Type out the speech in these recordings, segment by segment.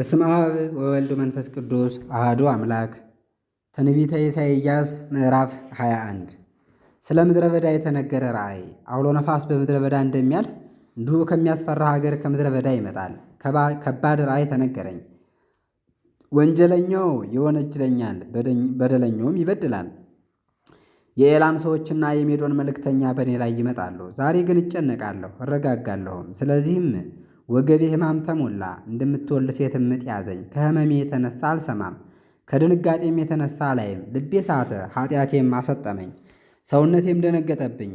በስም አብ ወወልድ መንፈስ ቅዱስ አህዱ አምላክ። ትንቢተ ኢሳይያስ ምዕራፍ 21 ስለ ምድረ በዳ የተነገረ ራእይ። አውሎ ነፋስ በምድረ በዳ እንደሚያልፍ እንዲሁ ከሚያስፈራ ሀገር ከምድረ በዳ ይመጣል። ከባድ ራእይ ተነገረኝ። ወንጀለኛው ይወነጅለኛል፣ በደለኛውም ይበድላል። የኤላም ሰዎችና የሜዶን መልእክተኛ በእኔ ላይ ይመጣሉ። ዛሬ ግን እጨነቃለሁ እረጋጋለሁም። ስለዚህም ወገቤ ሕማም ተሞላ፣ እንደምትወልድ ሴት ምጥ ያዘኝ። ከሕመሜ የተነሳ አልሰማም፣ ከድንጋጤም የተነሳ ላይም ልቤ ሳተ፣ ኃጢአቴም አሰጠመኝ፣ ሰውነቴም ደነገጠብኝ።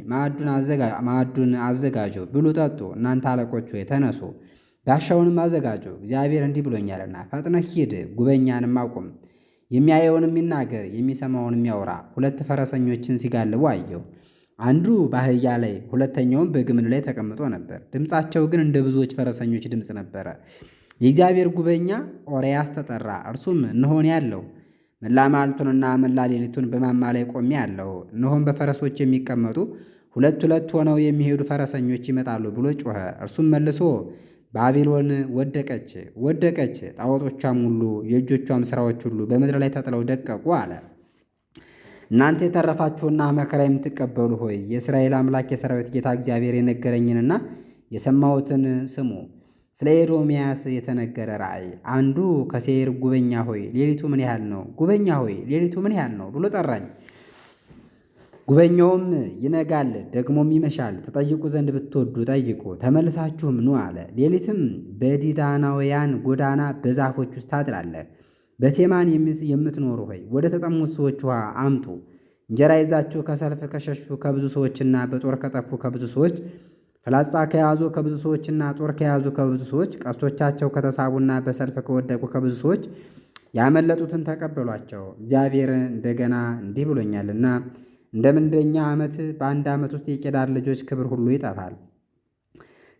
ማዕዱን አዘጋጁ ብሉ፣ ጠጡ፣ እናንተ አለቆች ሆይ ተነሱ፣ ጋሻውንም አዘጋጁ፣ እግዚአብሔር እንዲህ ብሎኛልና። ፈጥነህ ሂድ፣ ጉበኛንም አቁም፣ የሚያየውንም ይናገር፣ የሚሰማውንም ያውራ። ሁለት ፈረሰኞችን ሲጋልቡ አየሁ። አንዱ በአህያ ላይ ሁለተኛውም በግመል ላይ ተቀምጦ ነበር። ድምፃቸው ግን እንደ ብዙዎች ፈረሰኞች ድምፅ ነበረ። የእግዚአብሔር ጉበኛ ኦርያስ ተጠራ። እርሱም እነሆን ያለው መላ መዓልቱንና መላ ሌሊቱን በማማ ላይ ቆሜ ያለው እነሆም በፈረሶች የሚቀመጡ ሁለት ሁለት ሆነው የሚሄዱ ፈረሰኞች ይመጣሉ ብሎ ጮኸ። እርሱም መልሶ ባቢሎን ወደቀች፣ ወደቀች፣ ጣዖቶቿም ሁሉ የእጆቿም ሥራዎች ሁሉ በምድር ላይ ተጥለው ደቀቁ አለ። እናንተ የተረፋችሁና መከራ የምትቀበሉ ሆይ የእስራኤል አምላክ የሰራዊት ጌታ እግዚአብሔር የነገረኝንና የሰማሁትን ስሙ። ስለ ኤዶምያስ የተነገረ ራእይ። አንዱ ከሴይር ጉበኛ ሆይ ሌሊቱ ምን ያህል ነው? ጉበኛ ሆይ ሌሊቱ ምን ያህል ነው ብሎ ጠራኝ። ጉበኛውም ይነጋል ደግሞም ይመሻል፣ ተጠይቁ ዘንድ ብትወዱ ጠይቁ ተመልሳችሁም ኑ አለ። ሌሊትም በዲዳናውያን ጎዳና በዛፎች ውስጥ ታድራለህ። በቴማን የምትኖሩ ሆይ ወደ ተጠሙት ሰዎች ውሃ አምጡ። እንጀራ ይዛችሁ ከሰልፍ ከሸሹ ከብዙ ሰዎችና በጦር ከጠፉ ከብዙ ሰዎች ፍላጻ ከያዙ ከብዙ ሰዎችና ጦር ከያዙ ከብዙ ሰዎች ቀስቶቻቸው ከተሳቡና በሰልፍ ከወደቁ ከብዙ ሰዎች ያመለጡትን ተቀበሏቸው። እግዚአብሔር እንደገና እንዲህ ብሎኛልና እንደ ምንደኛ ዓመት በአንድ ዓመት ውስጥ የቄዳር ልጆች ክብር ሁሉ ይጠፋል።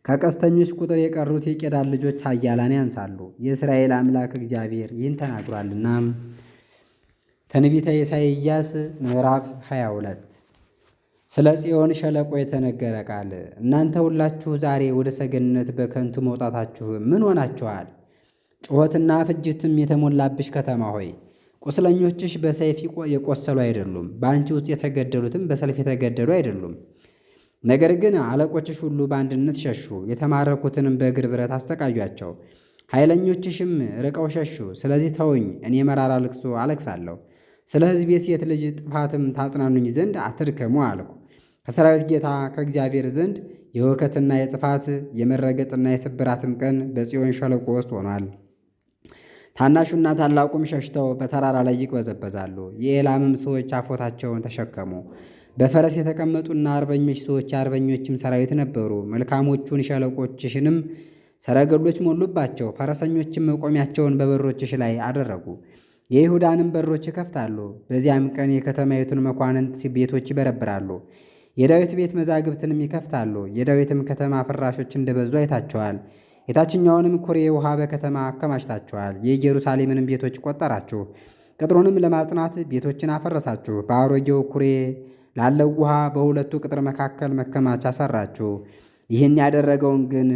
ከቀስተኞች ቁጥር የቀሩት የቄዳር ልጆች ኃያላን ያንሳሉ። የእስራኤል አምላክ እግዚአብሔር ይህን ተናግሯልና። ትንቢተ ኢሳይያስ ምዕራፍ 22 ስለ ጽዮን ሸለቆ የተነገረ ቃል። እናንተ ሁላችሁ ዛሬ ወደ ሰገነት በከንቱ መውጣታችሁ ምን ሆናችኋል? ጩኸትና ፍጅትም የተሞላብሽ ከተማ ሆይ ቁስለኞችሽ በሰይፍ የቆሰሉ አይደሉም፣ በአንቺ ውስጥ የተገደሉትም በሰልፍ የተገደሉ አይደሉም። ነገር ግን አለቆችሽ ሁሉ በአንድነት ሸሹ፣ የተማረኩትንም በእግር ብረት አሰቃዩአቸው። ኃይለኞችሽም ርቀው ሸሹ። ስለዚህ ተውኝ፣ እኔ መራራ ልቅሶ አለቅሳለሁ። ስለ ሕዝቤ ሴት ልጅ ጥፋትም ታጽናኑኝ ዘንድ አትድከሙ አልኩ። ከሰራዊት ጌታ ከእግዚአብሔር ዘንድ የውከትና የጥፋት የመረገጥና የስብራትም ቀን በጽዮን ሸለቆ ውስጥ ሆኗል። ታናሹና ታላቁም ሸሽተው በተራራ ላይ ይቅበዘበዛሉ። የኤላምም ሰዎች አፎታቸውን ተሸከሙ። በፈረስ የተቀመጡና አርበኞች ሰዎች አርበኞችም ሰራዊት ነበሩ። መልካሞቹን ሸለቆችሽንም ሰረገሎች ሞሉባቸው። ፈረሰኞችም መቆሚያቸውን በበሮችሽ ላይ አደረጉ። የይሁዳንም በሮች ይከፍታሉ። በዚያም ቀን የከተማይቱን መኳንንት ቤቶች ይበረብራሉ። የዳዊት ቤት መዛግብትንም ይከፍታሉ። የዳዊትም ከተማ ፍራሾች እንደበዙ አይታቸዋል። የታችኛውንም ኩሬ ውሃ በከተማ አከማችታችኋል። የኢየሩሳሌምንም ቤቶች ቆጠራችሁ፣ ቅጥሩንም ለማጽናት ቤቶችን አፈረሳችሁ። በአሮጌው ኩሬ ላለው ውሃ በሁለቱ ቅጥር መካከል መከማቻ ሰራችሁ። ይህን ያደረገውን ግን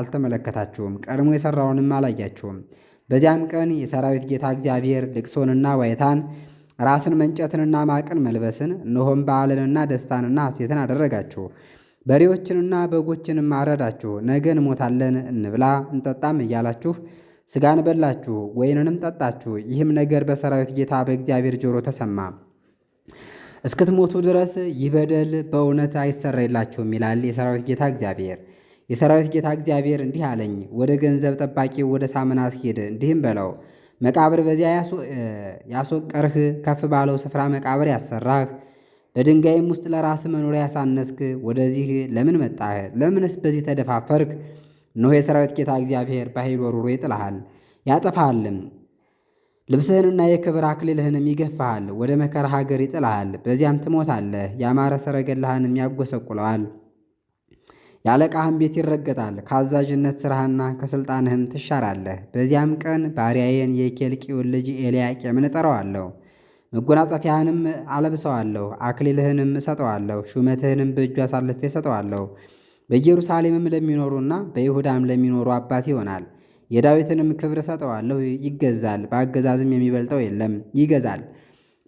አልተመለከታችሁም፣ ቀድሞ የሠራውንም አላያችሁም። በዚያም ቀን የሰራዊት ጌታ እግዚአብሔር ልቅሶንና ዋይታን ራስን መንጨትንና ማቅን መልበስን እነሆም በዓልንና ደስታንና ሐሴትን አደረጋችሁ። በሬዎችንና በጎችንም አረዳችሁ። ነገ እንሞታለን እንብላ እንጠጣም እያላችሁ ስጋን በላችሁ፣ ወይንንም ጠጣችሁ። ይህም ነገር በሰራዊት ጌታ በእግዚአብሔር ጆሮ ተሰማ። እስክትሞቱ ድረስ ይህ በደል በእውነት አይሰረይላቸውም ይላል የሰራዊት ጌታ እግዚአብሔር። የሰራዊት ጌታ እግዚአብሔር እንዲህ አለኝ፣ ወደ ገንዘብ ጠባቂ ወደ ሳምና አስሄድ እንዲህም በለው መቃብር በዚያ ያስወቀርህ ከፍ ባለው ስፍራ መቃብር ያሰራህ በድንጋይም ውስጥ ለራስ መኖሪያ ያሳነስክ ወደዚህ ለምን መጣህ? ለምንስ በዚህ ተደፋፈርክ? እነሆ የሰራዊት ጌታ እግዚአብሔር በኃይል ወሩሮ ይጥልሃል ያጠፋልም። ልብስህንና የክብር አክሊልህንም ይገፋሃል፣ ወደ መከራ ሀገር ይጥልሃል። በዚያም ትሞታለህ። ያማረ ሰረገላህንም ያጎሰቁለዋል። ያለቃህን ቤት ይረገጣል። ከአዛዥነት ስራህና ከስልጣንህም ትሻራለህ። በዚያም ቀን ባሪያዬን የኬልቂውን ልጅ ኤልያቄምን እጠራዋለሁ። መጎናጸፊያህንም አለብሰዋለሁ፣ አክሊልህንም እሰጠዋለሁ፣ ሹመትህንም በእጁ አሳልፌ እሰጠዋለሁ። በኢየሩሳሌምም ለሚኖሩና በይሁዳም ለሚኖሩ አባት ይሆናል። የዳዊትንም ክብር ሰጠዋለሁ ይገዛል። በአገዛዝም የሚበልጠው የለም ይገዛል።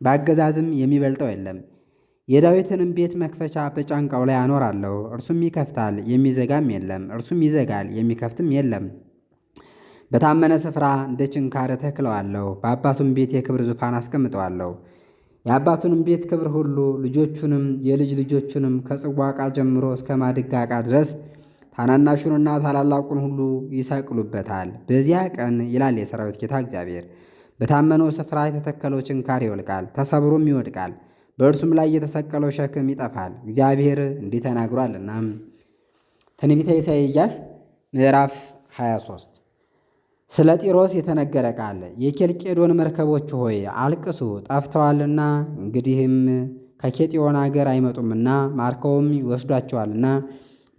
በአገዛዝም የሚበልጠው የለም። የዳዊትንም ቤት መክፈቻ በጫንቃው ላይ አኖራለሁ። እርሱም ይከፍታል፣ የሚዘጋም የለም። እርሱም ይዘጋል፣ የሚከፍትም የለም። በታመነ ስፍራ እንደ ችንካር ተክለዋለሁ። በአባቱም ቤት የክብር ዙፋን አስቀምጠዋለሁ። የአባቱንም ቤት ክብር ሁሉ ልጆቹንም የልጅ ልጆቹንም ከጽዋ ጀምሮ እስከ ማድጋ ዕቃ ድረስ ታናናሹንና ታላላቁን ሁሉ ይሰቅሉበታል። በዚያ ቀን ይላል የሰራዊት ጌታ እግዚአብሔር፣ በታመነው ስፍራ የተተከለው ችንካር ይወልቃል፣ ተሰብሮም ይወድቃል፣ በእርሱም ላይ የተሰቀለው ሸክም ይጠፋል። እግዚአብሔር እንዲህ ተናግሯልና። ትንቢተ ኢሳይያስ ምዕራፍ 23 ስለ ጢሮስ የተነገረ ቃል። የኬልቄዶን መርከቦች ሆይ አልቅሱ፣ ጠፍተዋልና እንግዲህም ከኬጢዮን አገር አይመጡምና ማርከውም ይወስዷቸዋልና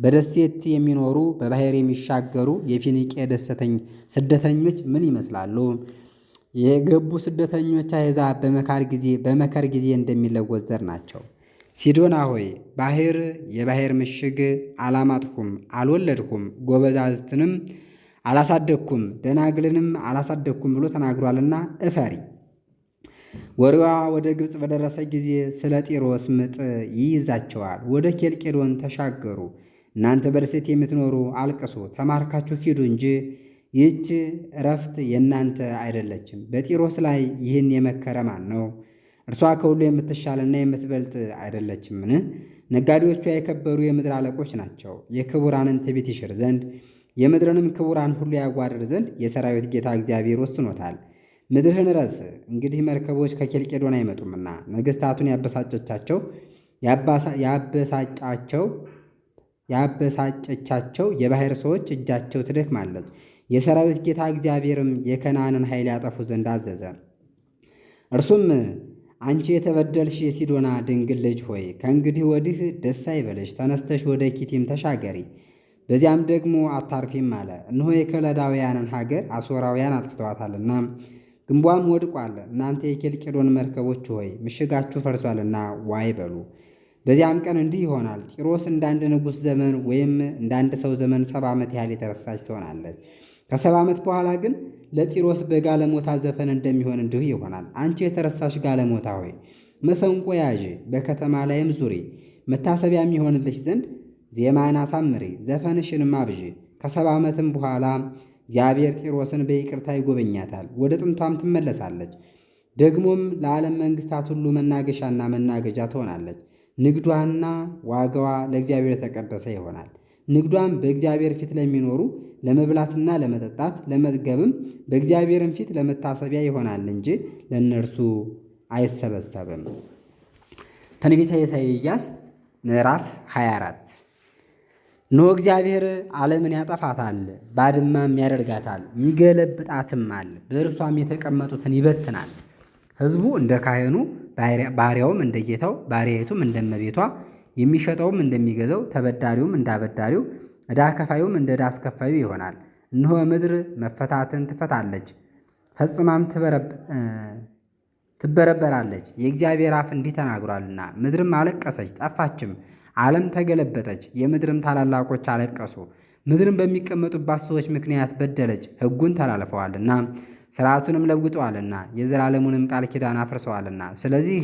በደሴት የሚኖሩ በባህር የሚሻገሩ የፊኒቄ ደሰተኝ ስደተኞች ምን ይመስላሉ? የገቡ ስደተኞች አሕዛብ በመካር ጊዜ በመከር ጊዜ እንደሚለወጥ ዘር ናቸው። ሲዶና ሆይ ባህር የባህር ምሽግ አላማጥሁም፣ አልወለድሁም፣ ጎበዛዝትንም አላሳደግኩም፣ ደናግልንም አላሳደግኩም ብሎ ተናግሯልና እፈሪ። ወሬዋ ወደ ግብፅ በደረሰ ጊዜ ስለ ጢሮስ ምጥ ይይዛቸዋል። ወደ ኬልቄዶን ተሻገሩ። እናንተ በርሴት የምትኖሩ አልቅሱ፣ ተማርካችሁ ሂዱ እንጂ ይህች እረፍት የእናንተ አይደለችም። በጢሮስ ላይ ይህን የመከረ ማን ነው? እርሷ ከሁሉ የምትሻልና የምትበልጥ አይደለችምን? ነጋዴዎቿ የከበሩ የምድር አለቆች ናቸው። የክቡራንን ትቢት ይሽር ዘንድ የምድርንም ክቡራን ሁሉ ያዋርድ ዘንድ የሰራዊት ጌታ እግዚአብሔር ወስኖታል። ምድርህን ረስ። እንግዲህ መርከቦች ከኬልቄዶን አይመጡምና ነገሥታቱን ያበሳጫቸው ያበሳጫቸው ያበሳጨቻቸው የባሕር ሰዎች እጃቸው ትደክማለች። የሰራዊት ጌታ እግዚአብሔርም የከናንን ኃይል ያጠፉ ዘንድ አዘዘ። እርሱም አንቺ የተበደልሽ የሲዶና ድንግል ልጅ ሆይ ከእንግዲህ ወዲህ ደስ አይበለሽ፣ ተነስተሽ ወደ ኪቲም ተሻገሪ፣ በዚያም ደግሞ አታርፊም አለ። እነሆ የከለዳውያንን ሀገር አሶራውያን አጥፍተዋታልና ግንቧም ወድቋል። እናንተ የኬልቄዶን መርከቦች ሆይ ምሽጋችሁ ፈርሷልና ዋይ በሉ። በዚያም ቀን እንዲህ ይሆናል። ጢሮስ እንደ አንድ ንጉሥ ዘመን ወይም እንደ አንድ ሰው ዘመን ሰባ ዓመት ያህል የተረሳች ትሆናለች። ከሰባ ዓመት በኋላ ግን ለጢሮስ በጋለሞታ ዘፈን እንደሚሆን እንዲሁ ይሆናል። አንቺ የተረሳሽ ጋለሞታ ሆይ መሰንቆ ያዢ፣ በከተማ ላይም ዙሪ፣ መታሰቢያ የሚሆንልሽ ዘንድ ዜማን አሳምሪ፣ ዘፈንሽንም አብዥ። ከሰባ ዓመትም በኋላ እግዚአብሔር ጢሮስን በይቅርታ ይጎበኛታል፣ ወደ ጥንቷም ትመለሳለች። ደግሞም ለዓለም መንግሥታት ሁሉ መናገሻና መናገጃ ትሆናለች። ንግዷና ዋጋዋ ለእግዚአብሔር የተቀደሰ ይሆናል። ንግዷም በእግዚአብሔር ፊት ለሚኖሩ ለመብላትና ለመጠጣት ለመጥገብም በእግዚአብሔርም ፊት ለመታሰቢያ ይሆናል እንጂ ለእነርሱ አይሰበሰብም። ትንቢተ ኢሳይያስ ምዕራፍ 24 እነሆ እግዚአብሔር ዓለምን ያጠፋታል፣ ባድማም ያደርጋታል፣ ይገለብጣትማል፣ በእርሷም የተቀመጡትን ይበትናል። ሕዝቡ እንደ ካህኑ ባሪያውም እንደ ጌታው ባሪያይቱም እንደመቤቷ የሚሸጠውም እንደሚገዛው ተበዳሪውም እንዳበዳሪው ዕዳ ከፋዩም እንደ ዕዳ አስከፋዩ ይሆናል። እነሆ ምድር መፈታትን ትፈታለች፣ ፈጽማም ትበረበራለች። የእግዚአብሔር አፍ እንዲህ ተናግሯልና። ምድርም አለቀሰች ጠፋችም፣ ዓለም ተገለበጠች፣ የምድርም ታላላቆች አለቀሱ። ምድርም በሚቀመጡባት ሰዎች ምክንያት በደለች፣ ሕጉን ተላልፈዋልና። ስርዓቱንም ለውጠዋልና የዘላለሙንም ቃል ኪዳን አፍርሰዋልና ስለዚህ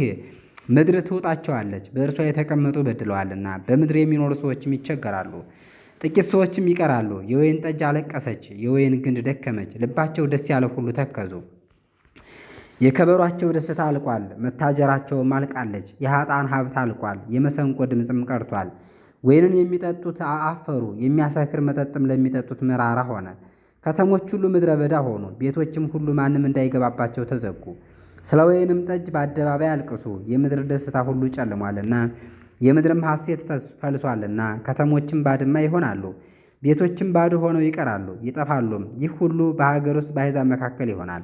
ምድር ትውጣቸዋለች፣ በእርሷ የተቀመጡ በድለዋልና በምድር የሚኖሩ ሰዎችም ይቸገራሉ። ጥቂት ሰዎችም ይቀራሉ። የወይን ጠጅ አለቀሰች፣ የወይን ግንድ ደከመች፣ ልባቸው ደስ ያለ ሁሉ ተከዙ። የከበሯቸው ደስታ አልቋል፣ መታጀራቸውም አልቃለች። የሀጣን ሀብት አልቋል፣ የመሰንቆ ድምፅም ቀርቷል። ወይንን የሚጠጡት አፈሩ፣ የሚያሰክር መጠጥም ለሚጠጡት መራራ ሆነ። ከተሞች ሁሉ ምድረ በዳ ሆኑ፣ ቤቶችም ሁሉ ማንም እንዳይገባባቸው ተዘጉ። ስለ ወይንም ጠጅ በአደባባይ አልቅሱ፣ የምድር ደስታ ሁሉ ጨልሟልና የምድርም ሐሴት ፈልሷልና። ከተሞችም ባድማ ይሆናሉ፣ ቤቶችም ባዶ ሆነው ይቀራሉ ይጠፋሉም። ይህ ሁሉ በሀገር ውስጥ በአሕዛብ መካከል ይሆናል።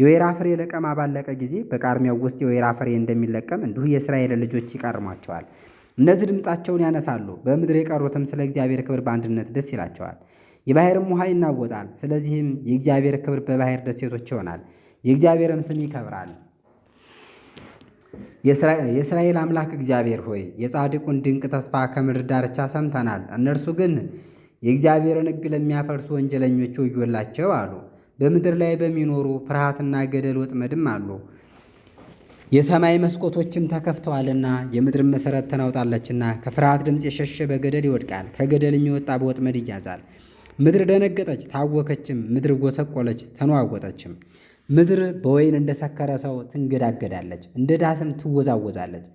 የወይራ ፍሬ ለቀማ ባለቀ ጊዜ በቃርሚያው ውስጥ የወይራ ፍሬ እንደሚለቀም እንዲሁ የእስራኤል ልጆች ይቃርሟቸዋል። እነዚህ ድምፃቸውን ያነሳሉ፣ በምድር የቀሩትም ስለ እግዚአብሔር ክብር በአንድነት ደስ ይላቸዋል። የባሕርም ውሃ ይናወጣል። ስለዚህም የእግዚአብሔር ክብር በባሕር ደሴቶች ይሆናል፣ የእግዚአብሔርም ስም ይከብራል። የእስራኤል አምላክ እግዚአብሔር ሆይ የጻድቁን ድንቅ ተስፋ ከምድር ዳርቻ ሰምተናል። እነርሱ ግን የእግዚአብሔርን ሕግ ለሚያፈርሱ ወንጀለኞች ወዮላቸው አሉ። በምድር ላይ በሚኖሩ ፍርሃትና ገደል ወጥመድም አሉ። የሰማይ መስኮቶችም ተከፍተዋልና የምድር መሠረት ተናውጣለችና፣ ከፍርሃት ድምፅ የሸሸ በገደል ይወድቃል፣ ከገደል የሚወጣ በወጥመድ ይያዛል። ምድር ደነገጠች፣ ታወከችም፣ ምድር ጎሰቆለች፣ ተነዋወጠችም። ምድር በወይን እንደ ሰከረ ሰው ትንገዳገዳለች፣ እንደ ዳስም ትወዛወዛለች።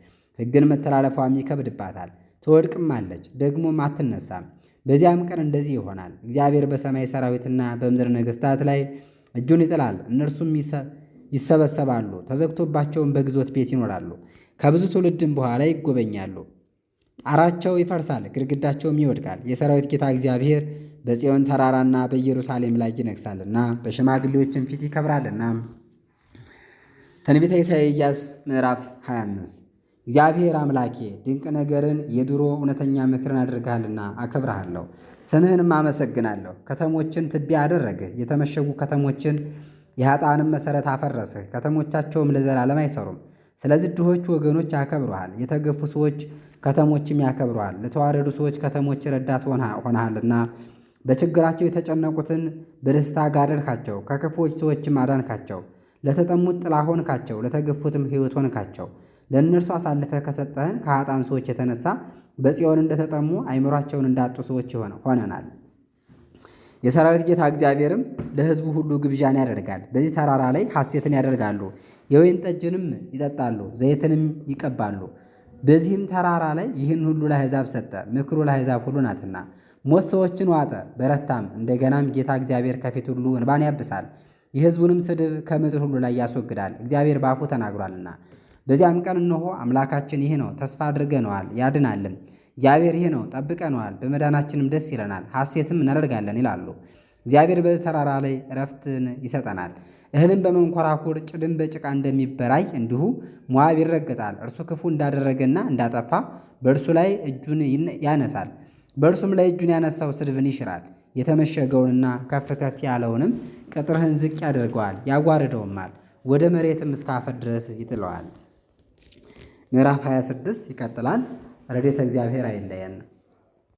ሕግን መተላለፏም ይከብድባታል፣ ትወድቅም አለች፣ ደግሞም አትነሳም። በዚያም ቀን እንደዚህ ይሆናል፤ እግዚአብሔር በሰማይ ሰራዊትና በምድር ነገሥታት ላይ እጁን ይጥላል። እነርሱም ይሰበሰባሉ፣ ተዘግቶባቸውም በግዞት ቤት ይኖራሉ። ከብዙ ትውልድም በኋላ ይጎበኛሉ። ጣራቸው ይፈርሳል፣ ግድግዳቸውም ይወድቃል። የሰራዊት ጌታ እግዚአብሔር በጽዮን ተራራና በኢየሩሳሌም ላይ ይነግሳልና በሽማግሌዎችም ፊት ይከብራልና። ትንቢተ ኢሳይያስ ምዕራፍ 25 እግዚአብሔር አምላኬ ድንቅ ነገርን የድሮ እውነተኛ ምክርን አድርገሃልና አከብረሃለሁ፣ ስምህንም አመሰግናለሁ። ከተሞችን ትቢያ አደረግህ፣ የተመሸጉ ከተሞችን የኃጥአንም መሠረት አፈረስህ፣ ከተሞቻቸውም ለዘላለም አይሰሩም። ስለዚህ ድሆች ወገኖች ያከብረሃል፣ የተገፉ ሰዎች ከተሞችም ያከብረዋል። ለተዋረዱ ሰዎች ከተሞች ረዳት ሆነሃልና በችግራቸው የተጨነቁትን በደስታ ጋደልካቸው፣ ከክፉዎች ሰዎችም አዳንካቸው። ለተጠሙት ጥላ ሆንካቸው፣ ለተገፉትም ሕይወት ሆንካቸው። ለእነርሱ አሳልፈ ከሰጠህን ከኃጣን ሰዎች የተነሳ በጽዮን እንደተጠሙ አይምሯቸውን እንዳጡ ሰዎች ሆነናል። የሰራዊት ጌታ እግዚአብሔርም ለሕዝቡ ሁሉ ግብዣን ያደርጋል። በዚህ ተራራ ላይ ሐሴትን ያደርጋሉ፣ የወይን ጠጅንም ይጠጣሉ፣ ዘይትንም ይቀባሉ። በዚህም ተራራ ላይ ይህን ሁሉ ለአሕዛብ ሰጠ፣ ምክሩ ለአሕዛብ ሁሉ ናትና። ሞት ሰዎችን ዋጠ፣ በረታም። እንደገናም ጌታ እግዚአብሔር ከፊት ሁሉ እንባን ያብሳል፣ የሕዝቡንም ስድብ ከምድር ሁሉ ላይ ያስወግዳል፣ እግዚአብሔር በአፉ ተናግሯልና። በዚያም ቀን እነሆ አምላካችን ይህ ነው፣ ተስፋ አድርገነዋል፣ ያድናልም። እግዚአብሔር ይህ ነው፣ ጠብቀነዋል፣ በመዳናችንም ደስ ይለናል፣ ሐሴትም እናደርጋለን ይላሉ። እግዚአብሔር በዚህ ተራራ ላይ እረፍትን ይሰጠናል። እህልም በመንኮራኩር ጭድም በጭቃ እንደሚበራይ እንዲሁ ሞዓብ ይረገጣል። እርሱ ክፉ እንዳደረገና እንዳጠፋ በእርሱ ላይ እጁን ያነሳል። በእርሱም ላይ እጁን ያነሳው ስድብን ይሽራል፣ የተመሸገውንና ከፍ ከፍ ያለውንም ቅጥርህን ዝቅ ያደርገዋል፣ ያጓርደውማል፣ ወደ መሬትም እስከ አፈር ድረስ ይጥለዋል። ምዕራፍ 26 ይቀጥላል። ረድኤተ እግዚአብሔር አይለየን።